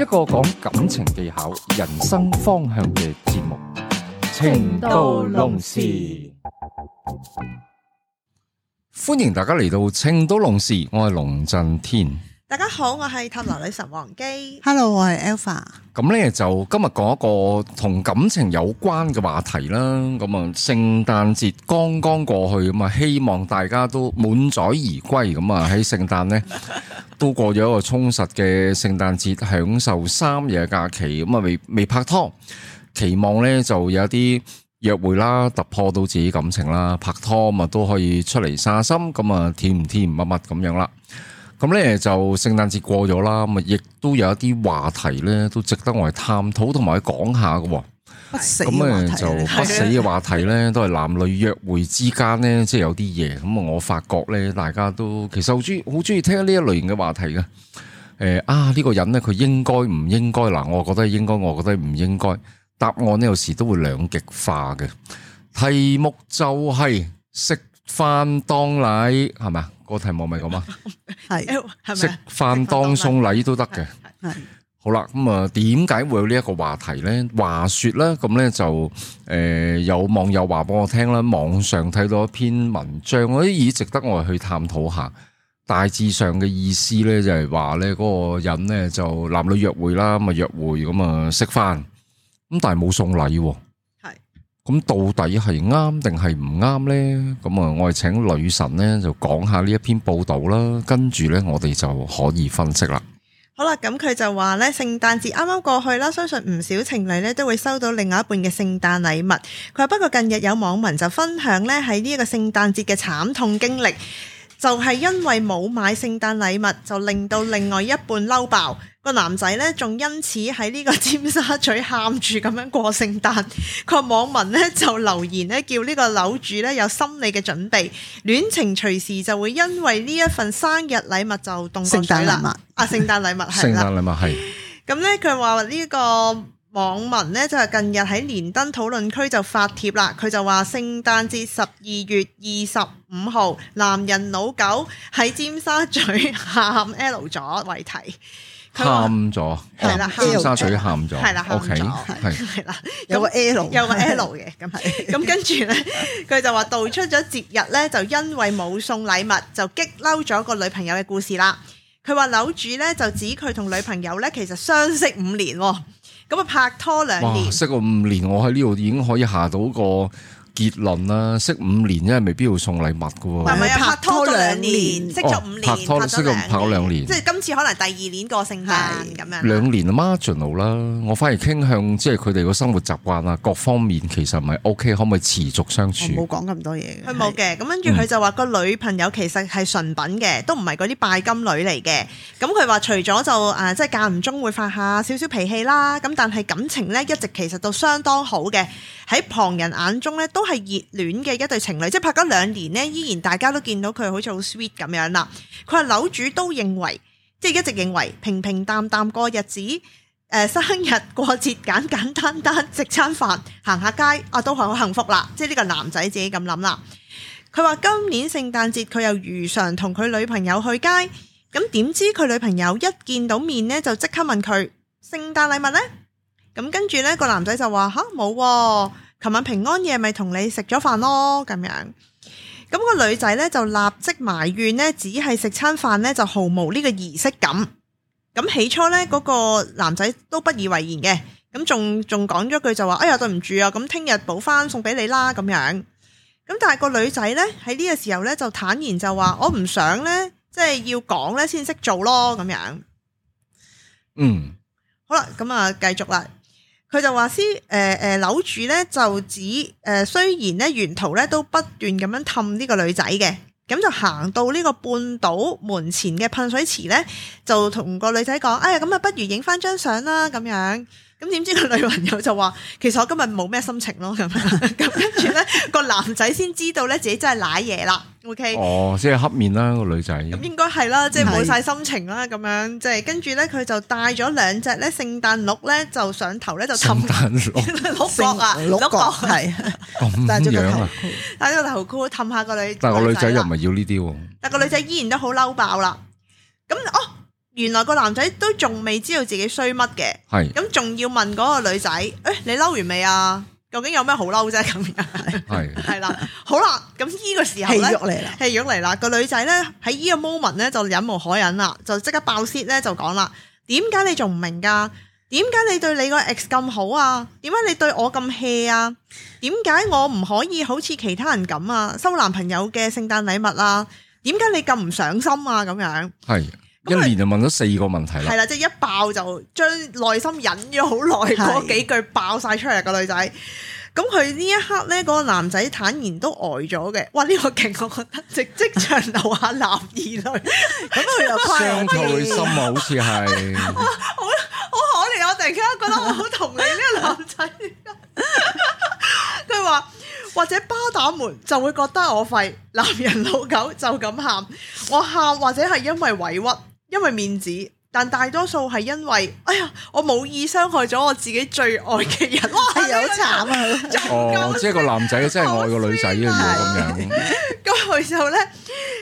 一個講感情技巧、人生方向嘅節目，都龍《情到濃時》。歡迎大家嚟到《情到濃時》，我係龍震天。大家好，我係塔羅女神王姬。Hello，我係 Alpha。咁咧就今日講一個同感情有關嘅話題啦。咁啊，聖誕節剛剛過去咁啊，希望大家都滿載而歸。咁啊，喺聖誕咧都過咗一個充實嘅聖誕節，享受三日假期。咁啊，未未拍拖，期望咧就有啲約會啦，突破到自己感情啦，拍拖咁啊，都可以出嚟散心，咁啊，甜唔甜蜜蜜咁樣啦。咁咧就聖誕節過咗啦，咁啊亦都有一啲話題咧，都值得我哋探討同埋講下嘅。咁咧就不死嘅話題咧，都係男女約會之間咧，即係有啲嘢。咁啊，我發覺咧，大家都其實好中好中意聽呢一類型嘅話題嘅。誒啊，呢個人咧，佢應該唔應該嗱？我覺得應該，我覺得唔應該。答案呢，有時都會兩極化嘅。題目就係食。飯當禮係咪啊？是是嗰個題目咪咁啊？係 是，食飯當送禮都得嘅。係 是，好啦，咁啊，點解會有呢一個話題咧？話說咧，咁咧就誒，有網友話俾我聽啦，網上睇到一篇文章，嗰啲意值得我哋去探討下。大致上嘅意思咧就係話咧，嗰個人咧就男女約會啦，咪約會咁啊食飯，咁但係冇送禮。咁到底係啱定係唔啱呢？咁啊，我係請女神呢就講下呢一篇報道啦，跟住呢，我哋就可以分析啦。好啦，咁佢就話呢聖誕節啱啱過去啦，相信唔少情侶咧都會收到另外一半嘅聖誕禮物。佢話不過近日有網民就分享呢，喺呢一個聖誕節嘅慘痛經歷。就係因為冇買聖誕禮物，就令到另外一半嬲爆。個男仔呢，仲因此喺呢個尖沙咀喊住咁樣過聖誕。個網民呢，就留言咧，叫呢個樓主呢有心理嘅準備，戀情隨時就會因為呢一份生日禮物就凍結。聖誕禮物啊，聖誕禮物係啦。聖誕禮物係。咁呢，佢話呢個。網民咧就係近日喺連登討論區就發帖啦，佢就話聖誕節十二月二十五號，男人老狗喺尖沙咀喊 L 咗為題，喊咗係啦，了了尖沙咀喊咗係啦，喊咗係啦，有個 L 有個 L 嘅咁係，咁跟住咧佢就話道出咗節日咧就因為冇送禮物就激嬲咗個女朋友嘅故事啦。佢話樓主咧就指佢同女朋友咧其實相識五年。咁啊，拍拖兩年，識咗五年，我喺呢度已經可以下到個。結論啦，識五年，因為未必要送禮物嘅喎。係咪啊，拍拖兩年，識咗五年，哦、拍拖拍咗兩年。即係今次可能第二年過聖誕。咁是樣。兩年啊，marginal 啦，我反而傾向即係佢哋個生活習慣啊，各方面其實唔係 OK，可唔可以持續相處？冇講咁多嘢。佢冇嘅，咁跟住佢就話個女朋友其實係純品嘅，都唔係嗰啲拜金女嚟嘅。咁佢話除咗就誒，即係間唔中會發一下少少脾氣啦。咁但係感情咧，一直其實都相當好嘅。喺旁人眼中咧，都。都係熱戀嘅一對情侶，即係拍咗兩年呢，依然大家都見到佢好似好 sweet 咁樣啦。佢話樓主都認為，即係一直認為平平淡淡過日子，誒、呃，生日過節簡簡單單食餐飯行下街，啊，都係好幸福啦。即係呢個男仔自己咁諗啦。佢話今年聖誕節佢又如常同佢女朋友去街，咁點知佢女朋友一見到面呢，就即刻問佢聖誕禮物呢？呢」咁跟住呢個男仔就話吓冇。琴晚平安夜咪同你食咗飯咯，咁樣，咁個女仔咧就立即埋怨咧，只係食餐飯咧就毫無呢個儀式感。咁起初咧嗰個男仔都不以為然嘅，咁仲仲講咗句就話，哎呀對唔住啊，咁聽日補翻送俾你啦，咁樣。咁但係個女仔咧喺呢個時候咧就坦然就話，我唔想咧，即係要講咧先識做咯，咁樣。嗯，好啦，咁啊，繼續啦。佢就話先，誒、呃、誒，樓主咧就指，誒、呃、雖然咧沿途咧都不斷咁樣氹呢個女仔嘅，咁就行到呢個半島門前嘅噴水池咧，就同個女仔講，哎呀，咁啊不如影翻張相啦，咁樣。.咁點知個女朋友就話，其實我今日冇咩心情咯咁，咁 跟住咧個男仔先知道咧自己真係瀨嘢啦。OK 哦，即係黑面啦個女仔，咁應該係啦，即係冇晒心情啦，咁樣即係跟住咧佢就戴咗兩隻咧聖誕鹿咧，就上頭咧就氹聖誕鹿，鹿 角啊，鹿角係咁 樣啊，戴咗頭箍，氹下個女，但係個女仔又唔係要呢啲喎，但係個女仔依然都好嬲爆啦，咁哦。原來個男仔都仲未知道自己衰乜嘅，咁仲是的 要問嗰個女仔，誒、欸，你嬲完未啊？究竟有咩好嬲啫？咁樣係啦，好啦，咁呢個時候咧，戲肉嚟啦，戲肉嚟啦。個女仔咧喺呢個 moment 咧就忍無可忍啦，就即刻爆洩咧就講啦，點解你仲唔明噶？點解你對你個 ex 咁好啊？點解你對我咁 hea 啊？點解我唔可以好似其他人咁啊？收男朋友嘅聖誕禮物啊？點解你咁唔上心啊？咁樣係。一年就問咗四個問題，係啦，即係一爆就將內心忍咗好耐嗰幾句爆晒出嚟，個女仔。咁佢呢一刻咧，嗰個男仔坦然都呆咗嘅。哇，呢個勁，我覺得即即場流下男兒淚，咁佢又誇張啲，傷透心，好似係 好好可憐。我突然間覺得我好同情呢個男仔。佢 話或者巴打們就會覺得我廢，男人老狗就咁喊，我喊或者係因為委屈。因為面子，但大多數係因為，哎呀，我冇意傷害咗我自己最愛嘅人，哇，又好慘啊！ 哦，即係個男仔真係愛一個女仔呢個咁樣。咁佢 就咧，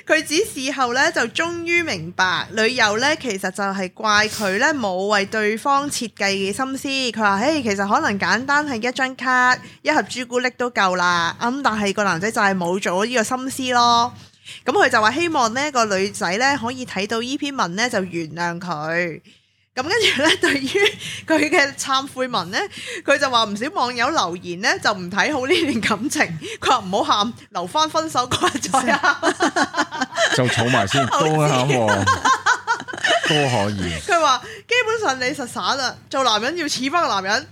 佢指事後咧就終於明白，女友咧其實就係怪佢咧冇為對方設計嘅心思。佢話：誒，其實可能簡單係一張卡、一盒朱古力都夠啦。咁但係個男仔就係冇做呢個心思咯。咁佢就話希望呢個女仔呢可以睇到呢篇文呢就原諒佢，咁跟住呢，對於佢嘅懺悔文呢，佢就話唔少網友留言呢就唔睇好呢段感情。佢話唔好喊，留翻分手嗰日再喊， 就儲埋先，多啲喊喎， 多可以。佢話基本上你實散啦，做男人要似翻個男人，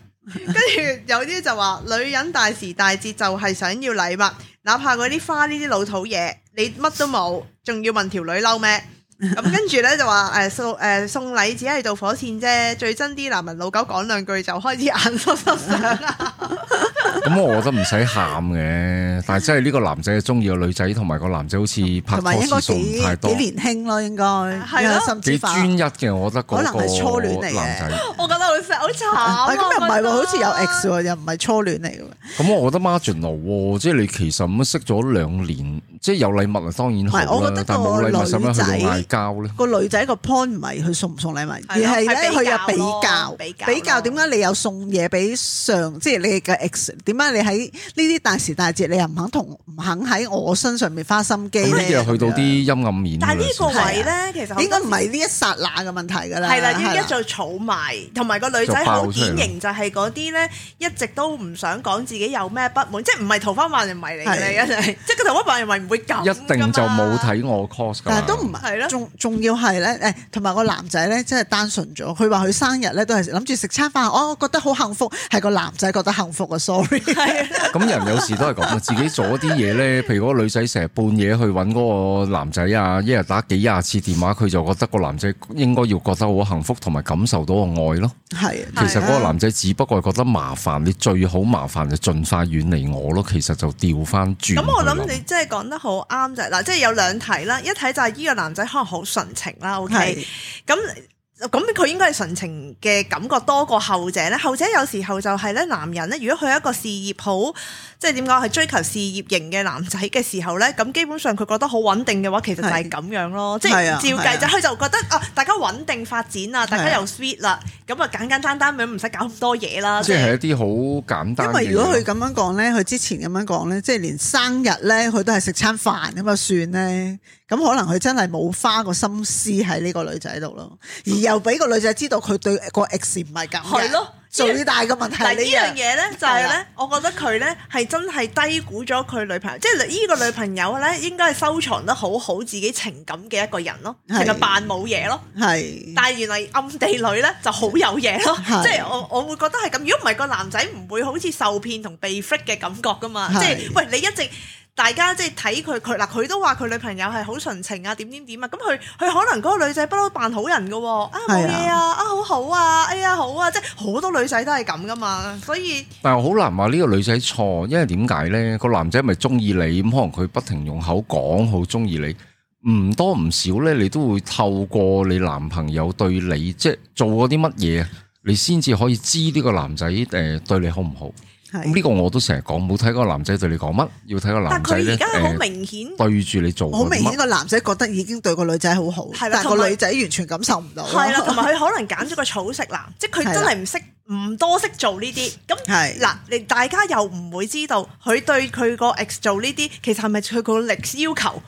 跟住有啲就話女人大時大節就係想要禮物。哪怕嗰啲花呢啲老土嘢，你乜都冇，仲要問條女嬲咩？咁 跟住咧就話誒送誒送禮只係導火線啫，最憎啲男人老狗講兩句就開始眼濕濕上啦。 咁我覺得唔使喊嘅，但係真係呢個男仔係中意個女仔，同埋個男仔好似拍拖次數唔太多，幾年輕咯應該係咯，幾專一嘅我覺得可能嗰個男仔，我覺得好錫，好慘。咁又唔係喎，好似有 ex 喎，又唔係初戀嚟嘅。咁我覺得 marginal 喎，即係你其實咁識咗兩年，即係有禮物啊，當然好啦。但冇禮物使咩去嗌交咧？個女仔個 point 唔係佢送唔送禮物，而係佢有比較比較。比較點解你有送嘢俾上？即係你嘅 ex 點？乜你喺呢啲大時大節，你又唔肯同唔肯喺我身上面花心機呢？咁啲、嗯、去到啲陰暗面。但係呢個位咧，的其實應該唔係呢一剎那嘅問題㗎啦。係啦，要一做儲埋，同埋的個女仔好典型，就係嗰啲咧一直都唔想講自己有咩不滿，即係唔係桃花運唔係嚟嘅。的 即係個桃花運唔會咁一定就冇睇我 cos 㗎嘛。係咯，仲仲的要係咧，誒同埋個男仔咧，即係單純咗。佢話佢生日咧都係諗住食餐飯，哦，我覺得好幸福，係個男仔覺得幸福嘅。Sorry。係啊，咁人有時都係咁啊，自己做啲嘢咧，譬如嗰個女仔成日半夜去揾嗰個男仔啊，一日打幾廿次電話，佢就覺得個男仔應該要覺得好幸福，同埋感受到個愛咯。係的，其實嗰個男仔只不過係覺得麻煩，你最好麻煩就盡快遠離我咯。其實就掉翻轉。咁我諗你即係講得好啱就係嗱，即係有兩睇啦，一睇就係呢個男仔可能好純情啦，OK，咁的。咁佢應該係純情嘅感覺多過後者咧，後者有時候就係咧，男人咧，如果佢有一個事業好。即係點講？係追求事業型嘅男仔嘅時候咧，咁基本上佢覺得好穩定嘅話，其實就係咁樣咯。的即係照計就，佢就覺得啊，大家穩定發展啊，大家又 sweet 啦，咁啊的簡簡單單咁，唔使搞咁多嘢啦。即係一啲好簡單。因為如果佢咁樣講咧，佢之前咁樣講咧，即係連生日咧，佢都係食餐飯咁啊算咧。咁可能佢真係冇花個心思喺呢個女仔度咯，而又俾個女仔知道佢對個 ex 唔係咁。係咯。最大嘅問題、這個，嗱呢樣嘢呢，就係、是、呢。我覺得佢呢係真係低估咗佢女朋友， 即係呢個女朋友呢，應該係收藏得好好自己情感嘅一個人是咯，係個扮冇嘢咯，係是，但係原來暗地裏呢就好有嘢咯，即係我我會覺得係咁，如果唔係個男仔唔會好似受騙同被 fit 嘅感覺噶嘛，是即係喂，你一直。大家即係睇佢佢，嗱，佢都話佢女朋友係好純情啊，點點點啊，咁佢佢可能嗰個女仔不嬲扮好人噶，啊冇嘢啊，啊，好好啊，哎呀好啊，即係好多女仔都係咁噶嘛，所以但係好難話呢個女仔錯，因為點解呢？個男仔咪中意你，咁可能佢不停用口講好中意你，唔多唔少呢，你都會透過你男朋友對你即係做過啲乜嘢，你先至可以知呢個男仔誒對你好唔好。呢是個我都成日講，冇睇個男仔對你講乜，要睇個男仔但佢而家好明顯，對住你做，好明顯個男仔覺得已經對個女仔好好，的但係個女仔完全感受唔到。係啦，同埋佢可能揀咗個草食男，的即係佢真係唔識，唔多識做呢啲。咁嗱，你的大家又唔會知道佢對佢個 ex 做呢啲，其實係咪佢個 ex 要求？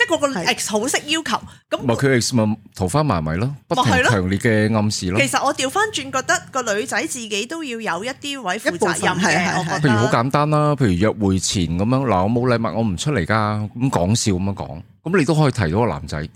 即係個個 ex 好識要求，咁，咪佢 ex 咪桃花埋咪咯，不停強烈嘅暗示咯。其實我調翻轉覺得個女仔自己都要有一啲位負責任嘅，的譬如好簡單啦，譬如約會前咁樣，嗱我冇禮物我唔出嚟噶，咁講笑咁樣講。咁你都可以提到個男仔，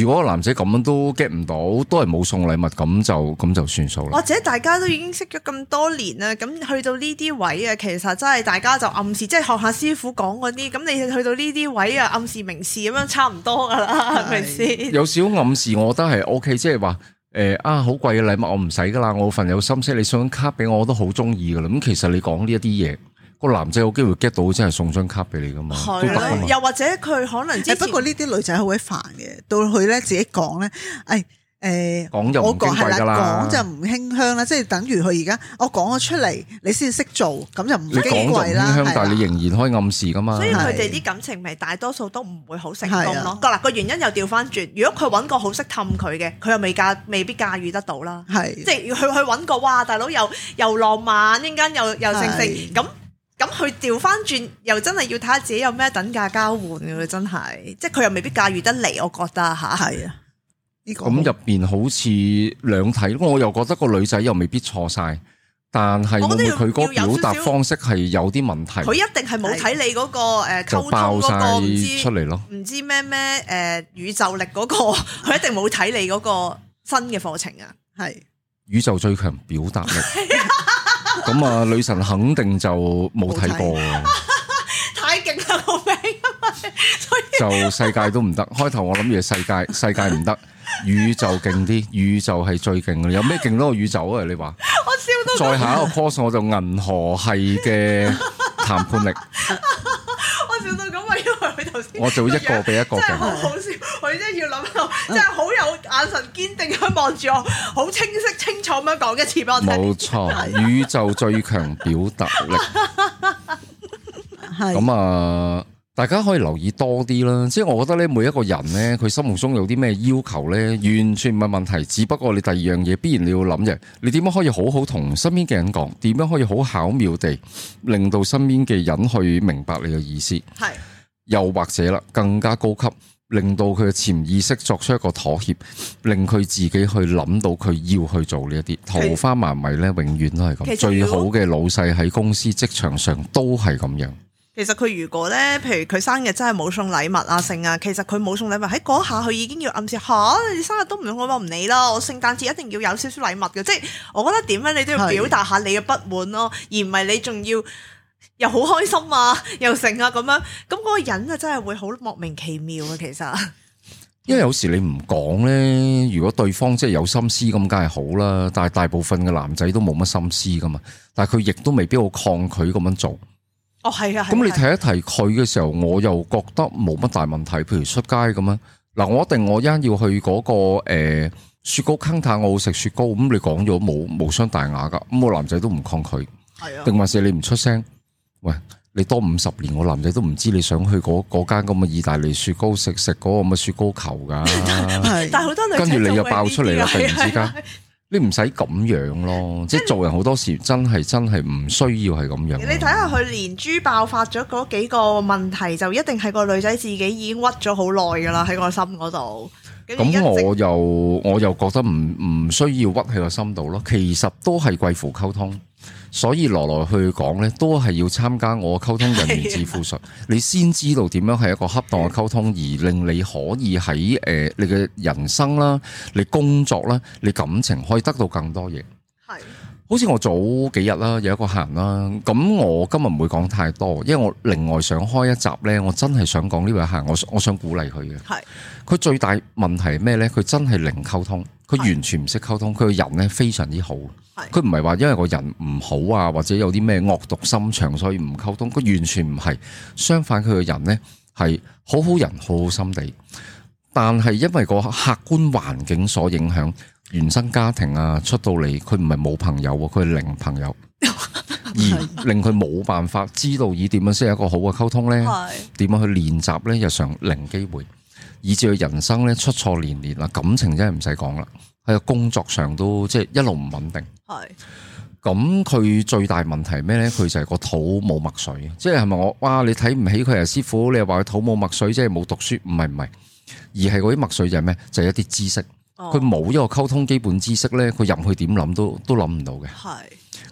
如果個男仔咁樣都 get 唔到，都係冇送禮物，咁就咁就算數啦。或者大家都已經識咗咁多年啦，咁去到呢啲位啊，其實真係大家就暗示，即係學下師傅講嗰啲。咁你去到呢啲位啊，暗示明示咁樣差唔多噶啦，係咪先？係，係有小暗示，我覺得係 OK，即係話誒啊，好貴嘅禮物我唔使噶啦，我份有心思，你送你卡俾我，我都好中意噶啦。咁其實你講呢一啲嘢。個男仔有機會 get 到，真係送張卡俾你噶嘛？係，又或者佢可能之前不過呢啲女仔好鬼煩嘅，到佢咧自己講咧，誒誒，講就唔矜貴噶啦，講就唔輕香啦，即係等於佢而家我講咗出嚟，你先識做，咁就唔矜貴啦。係，但係你仍然可以暗示噶嘛？所以佢哋啲感情咪大多數都唔會好成功咯。嗱，個原因又調翻轉，如果佢揾個好識氹佢嘅，佢又未駕，未必駕馭得到啦。係，即係要佢去揾個哇，大佬又又浪漫，一陣間又又正正咁。咁佢調翻轉又真係要睇下自己有咩等價交換嘅，真係，即係佢又未必駕馭得嚟，我覺得吓係啊。呢、這個咁入邊好似兩體，我又覺得個女仔又未必錯晒，但係會唔會佢嗰表達方式係有啲問題。佢一定係冇睇你嗰個誒溝通嗰、那個、出嚟咯，唔知咩咩誒宇宙力嗰、那個，佢一定冇睇你嗰個新嘅課程啊，係宇宙最強表達力。 咁啊，女神肯定就冇睇過，太勁嘅名啊嘛，就世界都唔得。開頭我諗住世界，世界唔得，宇宙勁啲，宇宙係最勁嘅。有咩勁多過宇宙啊？你話？我笑到。再下一個 course 我就銀河系嘅談判力。我笑到咁、那個，咪因為佢頭先。我就一個比一個勁。即係要諗到，即係好有眼神堅定咁望住我，好清晰清楚咁樣講一次俾我聽。冇錯，宇宙最強表達力。係咁 啊！大家可以留意多啲啦。即係我覺得咧，每一個人咧，佢心目中有啲咩要求咧，完全唔係問題。只不過你第二樣嘢，必然你要諗嘅，你點樣可以好好同身邊嘅人講？點樣可以好巧妙地令到身邊嘅人去明白你嘅意思？係是又或者啦，更加高級。令到佢嘅潛意識作出一個妥協，令佢自己去諗到佢要去做呢一啲桃花埋咪咧，永遠都係咁。最好嘅老細喺公司職場上都係咁樣其等等。其實佢如果咧，譬如佢生日真係冇送禮物啊，剩啊，其實佢冇送禮物喺嗰下，佢已經要暗示吓、啊、你生日都唔送禮物我唔理啦。我聖誕節一定要有少少禮物嘅，即係我覺得點樣你都要表達下你嘅不滿咯，的而唔係你仲要。又好開心啊，又成啊咁樣，咁嗰個人啊真係會好莫名其妙啊。其實。因為有時你唔講呢，如果對方即係有心思咁，梗係好啦。但係大部分嘅男仔都冇乜心思噶嘛，但係佢亦都未必好抗拒咁樣做。哦，係啊。咁、啊啊、你提一提佢嘅時候，我又覺得冇乜大問題。譬如出街咁樣，嗱，我一定我一陣要去嗰、那個誒、欸、雪糕坑，嘆，我食雪糕。咁你講咗冇無傷大雅噶，咁、那個男仔都唔抗拒。定、啊、還是你唔出聲？喂，你多五十年，我男仔都唔知你想去嗰嗰間咁嘅意大利雪糕食食嗰個咁嘅雪糕球噶。 但係好多女仔，跟住你又爆出嚟啦，突然之間，你唔使咁樣咯，為即係做人好多時真係真係唔需要係咁樣。你睇下佢連珠爆發咗嗰幾個問題，就一定係個女仔自己已經屈咗好耐噶啦，喺個心嗰度。咁我又我又覺得唔唔需要屈喺個心度咯，其實都係貴乎溝通。所以落嚟去講呢都係要參加我溝通人員致富術，是的 你先知道點樣係一個恰當嘅溝通，而令你可以喺誒、呃、你嘅人生啦、你工作啦、你感情可以得到更多嘢。係，是的 好似我早幾日啦，有一個客人啦，咁我今日唔會講太多，因為我另外想開一集呢，我真係想講呢位客人，我想我想鼓勵佢嘅。佢是的 最大問題係咩呢？佢真係零溝通。佢完全唔識溝通，佢個人咧非常之好。佢唔係話因為個人唔好啊，或者有啲咩惡毒心腸，所以唔溝通。佢完全唔係，相反佢個人呢係好好人，好好心地。但係因為個客觀環境所影響，原生家庭啊，出到嚟佢唔係冇朋友，佢係零朋友， 而令佢冇辦法知道以點樣先係一個好嘅溝通是的 呢？點樣去練習呢？日常零機會。以至佢人生咧出錯連連啦，感情真係唔使講啦，喺個工作上都即係、就是、一路唔穩定。係咁是，佢最大問題係咩咧？佢就係個肚冇墨水，即係係咪我哇？你睇唔起佢啊，師傅？你又話佢肚冇墨水，即係冇讀書？唔係唔係，而係嗰啲墨水就係咩？就係一啲知識。佢冇一個溝通基本知識咧，佢入去點諗都都諗唔到嘅。係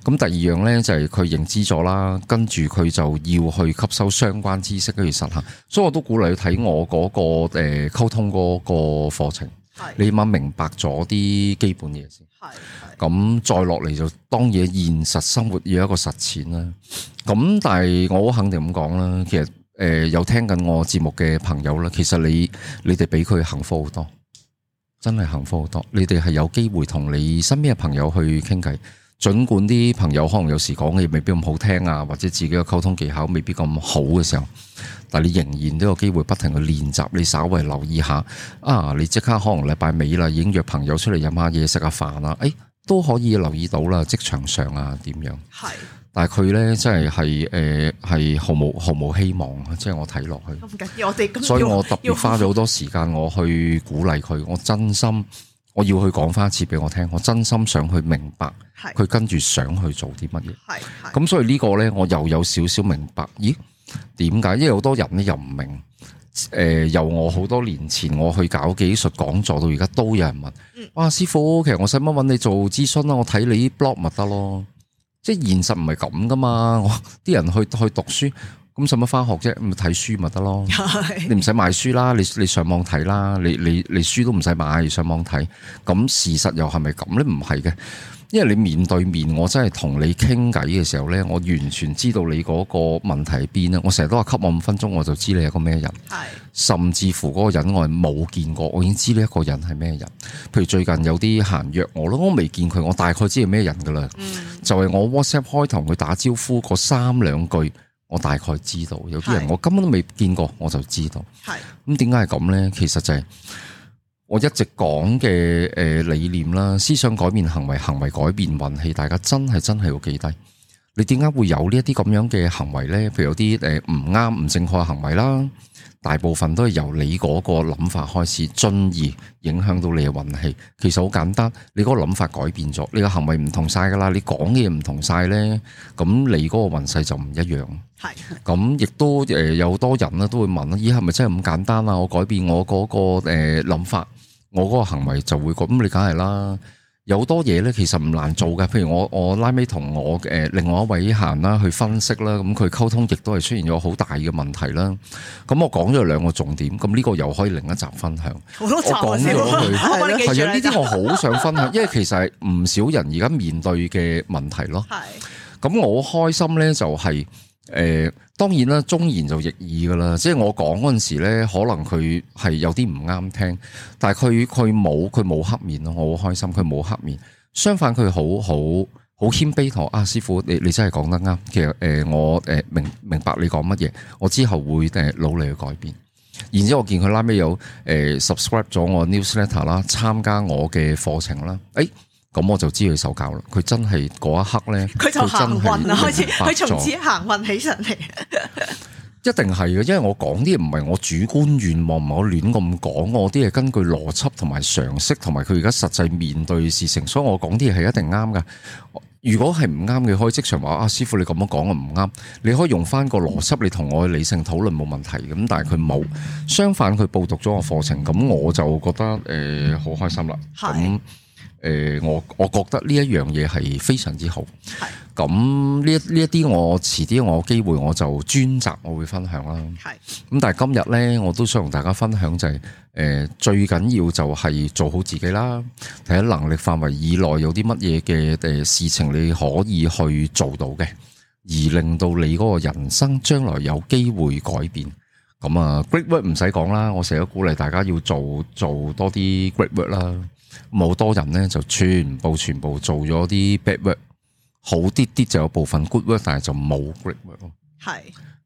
咁是，第二樣咧就係佢認知咗啦，跟住佢就要去吸收相關知識，跟住實行。所以我都鼓勵你睇我嗰、那個誒溝、呃、通嗰個課程。係是你起碼明白咗啲基本嘢先。係咁，再落嚟就當嘢現實生活要一個實踐啦。咁但係我好肯定咁講啦，其實誒、呃、有聽緊我節目嘅朋友啦，其實你你哋比佢幸福好多。真係幸福好多，你哋係有機會同你身邊嘅朋友去傾偈，盡管啲朋友可能有時講嘅嘢未必咁好聽啊，或者自己嘅溝通技巧未必咁好嘅時候，但你仍然都有機會不停去練習，你稍為留意下，啊，你即刻可能禮拜尾啦，已經約朋友出嚟飲下嘢食下飯啦，誒、哎，都可以留意到啦，職場上啊點樣？係。但係佢咧，真係係誒，係、呃、毫無毫無希望，即係我睇落去，所以我特別花咗好多時間，我去鼓勵佢。 我真心我要去講翻一次俾我聽，我真心想去明白，佢跟住想去做啲乜嘢。係咁，所以個呢個咧，我又有少少明白。咦？點解？因為好多人咧又唔明。誒、呃，由我好多年前我去搞技術講座到而家，都有人問：，嗯、哇，師傅，其實我使乜揾你做諮詢啊？我睇你 blog 咪得咯。即係現實唔係咁噶嘛，我啲人去去讀書，咁使乜翻學啫？咁咪睇書咪得咯，你唔使買書啦，你你上網睇啦，你你你書都唔使買，上網睇，咁事實又係咪咁咧？唔係嘅。.因為你面對面，我真係同你傾偈嘅時候呢，我完全知道你嗰個問題喺邊啊！我成日都話，給我五分鐘，我就知你係個咩人。係。是的 甚至乎嗰個人我係冇見過，我已經知呢一個人係咩人。譬如最近有啲閒約我咯，我未見佢，我大概知係咩人噶啦。嗯、就係我 WhatsApp 開頭佢打招呼嗰三兩句，3，我大概知道。有啲人我根本都未見過，我就知道。係咁，點解係咁呢？其實就係、是。我一直講嘅誒理念啦，思想改變行為，行為改變運氣。大家真係真係要記低。你點解會有呢一啲咁樣嘅行為咧？譬如有啲誒唔啱、唔正確嘅行為啦，大部分都係由你嗰個諗法開始，進而影響到你嘅運氣。其實好簡單，你嗰個諗法改變咗，你個行為唔同曬㗎啦，你講嘅嘢唔同曬咧，咁你嗰個運勢就唔一樣。係。咁亦都誒有好多人咧都會問啦：咦，係咪真係咁簡單啊？我改變我嗰個誒諗法。我嗰個行為就會咁，你梗係啦。有好多嘢咧，其實唔難做嘅。譬如我我拉尾同我誒另外一位行啦去分析啦，咁佢溝通亦都係出現咗好大嘅問題啦。咁我講咗兩個重點，咁呢個又可以另一集分享。我講咗佢，係啊，呢啲我好想分享， 因為其實係唔少人而家面對嘅問題咯。係，咁我開心咧就係、是。誒、呃，當然啦，忠言就逆耳㗎喇，即係我講嗰陣時咧，可能佢係有啲唔啱聽，但係佢佢冇佢冇黑面咯，我好開心，佢冇黑面，相反佢好好好謙卑同我啊，師傅你你真係講得啱，其實誒、呃、我誒明明白你講乜嘢，我之後會誒努力去改變，然之後我見佢拉尾有誒 subscribe 咗我 newsletter 啦，參加我嘅課程啦，誒、哎。咁我就知佢受教啦。佢真係嗰一刻呢，佢就行運啦，開始佢從此行運起上嚟。一定係嘅，因為我講啲嘢唔係我主觀願望，唔係我亂咁講，我啲嘢根據邏輯同埋常識同埋佢而家實際面對事情，所以我講啲嘢係一定啱㗎。如果係唔啱嘅，可以即場話啊，師傅你咁樣講我唔啱。你可以用翻個邏輯，你同我理性討論冇問題嘅。咁但係佢冇，相反佢報讀咗我課程，咁我就覺得誒好、呃、開心啦。咁。誒、呃，我我覺得呢一樣嘢係非常之好。係咁呢一呢一啲，我遲啲我機會我就專責我會分享啦。係咁，但係今日呢，我都想同大家分享就係、是，誒、呃，最緊要就係做好自己啦。喺能力範圍以內有啲乜嘢嘅誒事情你可以去做到嘅，而令到你嗰個人生將來有機會改變。咁啊，great work 唔使講啦，我成日鼓勵大家要做做多啲 great work 啦。嗯冇多人咧，就全部全部做咗啲 bad work，好啲啲就有部分 good work，但係就冇 great work。係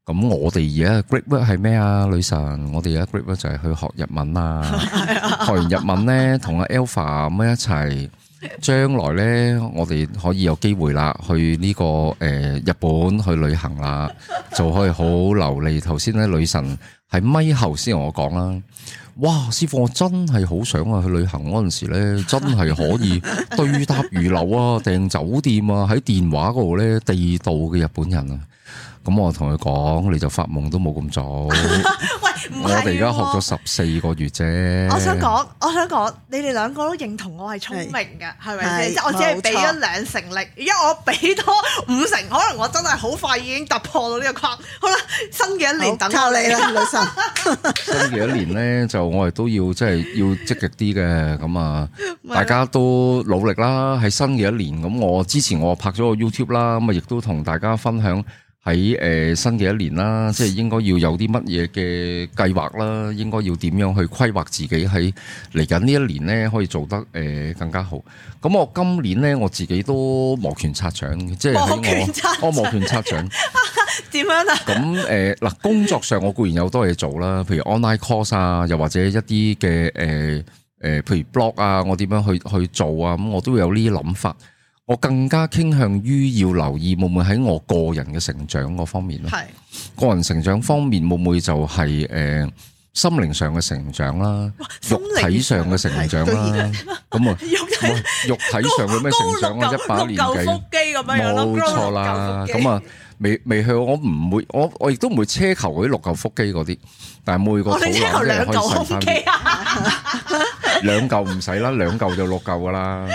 咁是、嗯，我哋而家嘅 great work 係咩啊？女神，我哋而家 great work 就係去學日文啊！啊，學完日文咧，同阿 Alpha 咁一齊，將來咧我哋可以有機會啦，去呢、這個誒、呃、日本去旅行啦，就可以好流利。頭先咧，女神係咪後先同我講啦？哇，師傅，我真係好想啊，去旅行嗰陣時呢，真係可以對答如流啊， 訂酒店啊，喺電話嗰度呢，地道嘅日本人啊，咁我同佢講，你就發夢都冇咁早。 啊、我哋而家學咗十四個月啫。我想講，我想講，你哋兩個都認同我係聰明嘅，係咪先？吧是我只係俾咗兩成力，而家是我俾多五成，可能我真係好快已經突破到呢個框。好啦，新嘅一年等靠你啦，女神 上。新嘅一年咧， 就我哋都要即係要積極啲嘅。咁啊， 大家都努力啦。係新嘅一年，咁我之前我拍咗個 YouTube 啦，咁啊，亦都同大家分享。喺誒新嘅一年啦，即係應該要有啲乜嘢嘅計劃啦，應該要點樣去規劃自己喺嚟緊呢一年咧，可以做得誒更加好。咁我今年咧，我自己都摩拳擦掌，即係喺我，我摩拳擦掌，點、哦、 樣啊？咁誒嗱，工作上我固然有好多嘢做啦，譬如 online course 啊，又或者一啲嘅誒誒，譬如 blog 啊，我點樣去去做啊？咁我都會有呢啲諗法。我更加傾向於要留意會唔會喺我個人嘅成長嗰方面咯。係個人成長方面，會唔會就係誒心靈上嘅成長啦，肉體上嘅成長啦。咁啊，肉體上嘅咩成長啊？一把年紀腹肌咁樣冇錯啦。咁啊，未未去，我唔會，我我亦都唔會奢求嗰啲六嚿腹肌嗰啲。但係每個肚腩我哋奢求兩嚿腹肌啊，兩嚿唔使啦，兩嚿就六嚿噶啦。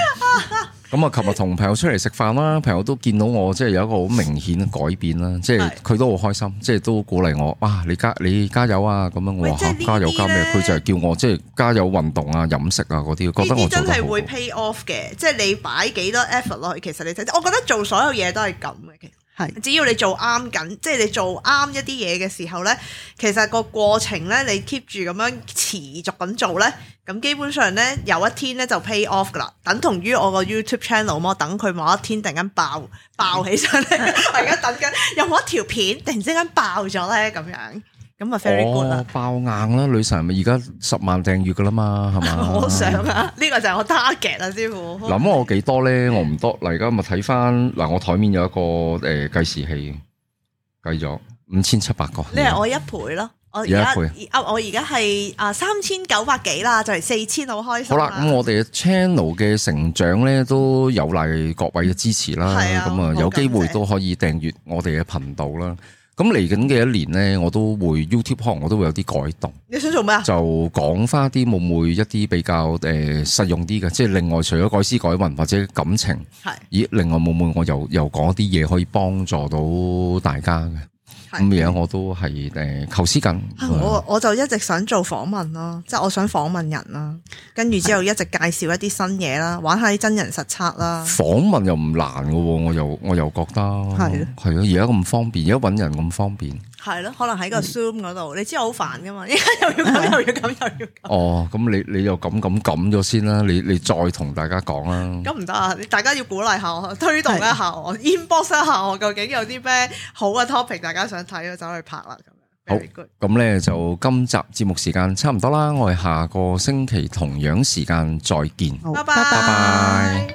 咁啊！琴日同朋友出嚟食飯啦，朋友都見到我即係有一個好明顯嘅改變啦，是的 即係佢都好開心，即係都鼓勵我。哇！你加你加油啊！咁樣我話吓加油加咩？佢就係叫我即係加油運動啊、飲食啊嗰啲。覺得我做得真係會 pay off 嘅，即係你擺幾多 effort 落去，其實你睇，我覺得做所有嘢都係咁嘅。係，是只要你做啱緊，即係你做啱一啲嘢嘅時候呢，其實個過程呢，你 keep 住咁樣持續咁做呢，咁基本上呢，有一天呢就 pay off 噶啦，等同於我個 YouTube channel 麼？我等佢某一天突然間爆爆起身咧，我而家等緊有冇一條片突然之間爆咗呢？咁樣？咁啊，very good 啦！爆硬啦，女神咪而家十萬訂閱噶啦嘛，係嘛？我 想啊，呢、這個就係我 target 啊，師傅。諗我幾多咧？是的 我唔多。嗱，而家咪睇翻嗱，我台面有一個誒計、呃、時器，計咗五千七百個。你係我一倍咯，我一倍。啊，我而家係啊三千九百幾啦，就嚟四千，好開心。好啦，咁我哋 channel 嘅成長咧都有賴各位嘅支持啦。咁啊，有機會都可以訂閱我哋嘅頻道啦。咁嚟緊嘅一年咧，我都會 YouTube 可能，我都會有啲改動。你想做咩啊？就講翻啲妹妹一啲比較誒、呃、實用啲嘅，即係另外除咗改師改運或者感情，係是的 咦，另外妹妹我又又講一啲嘢，可以幫助到大家嘅。咁而家我都係誒構思緊、啊。我我就一直想做訪問咯，即係我想訪問人啦，跟住之後一直介紹一啲新嘢啦，玩下啲真人實測啦。訪問又唔難嘅，我又我又覺得係係啊！而家咁方便，而家搵人咁方便。係咯，可能喺個 zoom 嗰度，你知我好煩噶嘛？而家又要咁又要咁又要咁。哦，咁你你又咁咁咁咗先啦，你你再同大家講啦。咁唔得啊！大家要鼓勵下我，推動一下我的，inbox 一下我，究竟有啲咩好嘅 topic 大家想睇，就走去拍啦咁樣。好，咁咧 good 就今集節目時間差唔多啦，我哋下個星期同樣時間再見。好，拜拜。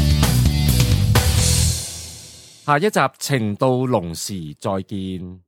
下一集情到濃時，再見。